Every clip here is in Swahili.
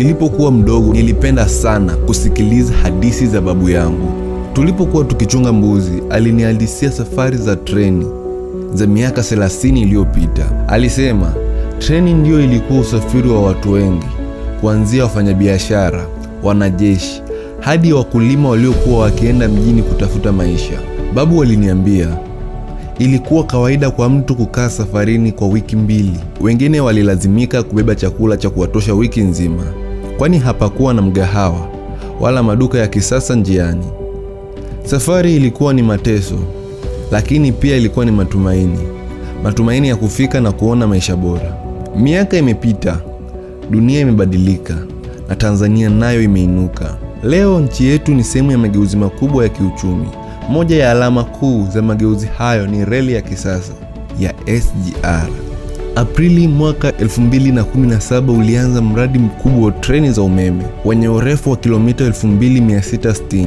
Nilipokuwa mdogo, nilipenda sana kusikiliza hadithi za babu yangu. Tulipokuwa tukichunga mbuzi, alinihadisia safari za treni za miaka 30 iliyopita. Alisema treni ndiyo ilikuwa usafiri wa watu wengi, kuanzia wafanyabiashara, wanajeshi hadi wakulima waliokuwa wakienda mjini kutafuta maisha. Babu waliniambia ilikuwa kawaida kwa mtu kukaa safarini kwa wiki mbili, wengine walilazimika kubeba chakula cha kuwatosha wiki nzima kwani hapakuwa na mgahawa wala maduka ya kisasa njiani. Safari ilikuwa ni mateso, lakini pia ilikuwa ni matumaini, matumaini ya kufika na kuona maisha bora. Miaka imepita, dunia imebadilika na Tanzania nayo imeinuka. Leo nchi yetu ni sehemu ya mageuzi makubwa ya kiuchumi. Moja ya alama kuu za mageuzi hayo ni reli ya kisasa ya SGR. Aprili mwaka 2017 ulianza mradi mkubwa wa treni za umeme wenye urefu wa kilomita 2660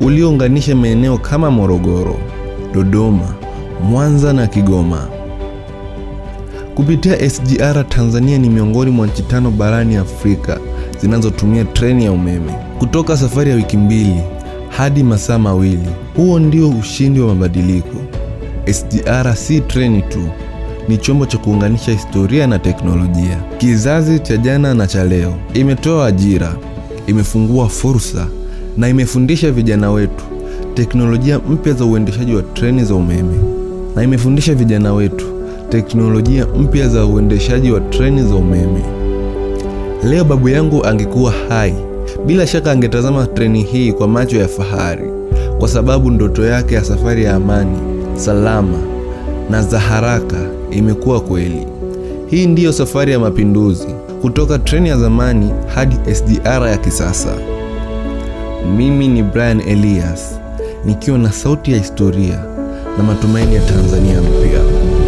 uliounganisha maeneo kama Morogoro, Dodoma, Mwanza na Kigoma. Kupitia SGR, Tanzania ni miongoni mwa nchi tano barani Afrika zinazotumia treni ya umeme kutoka safari ya wiki mbili hadi masaa mawili. Huo ndio ushindi wa mabadiliko. SGR si treni tu, ni chombo cha kuunganisha historia na teknolojia, kizazi cha jana na cha leo. Imetoa ajira, imefungua fursa na imefundisha vijana wetu teknolojia mpya za uendeshaji wa treni za umeme, na imefundisha vijana wetu teknolojia mpya za uendeshaji wa treni za umeme. Leo babu yangu angekuwa hai, bila shaka angetazama treni hii kwa macho ya fahari, kwa sababu ndoto yake ya safari ya amani salama na za haraka imekuwa kweli. Hii ndiyo safari ya mapinduzi kutoka treni ya zamani hadi SGR ya kisasa. Mimi ni Brian Elias nikiwa na sauti ya historia na matumaini ya Tanzania mpya.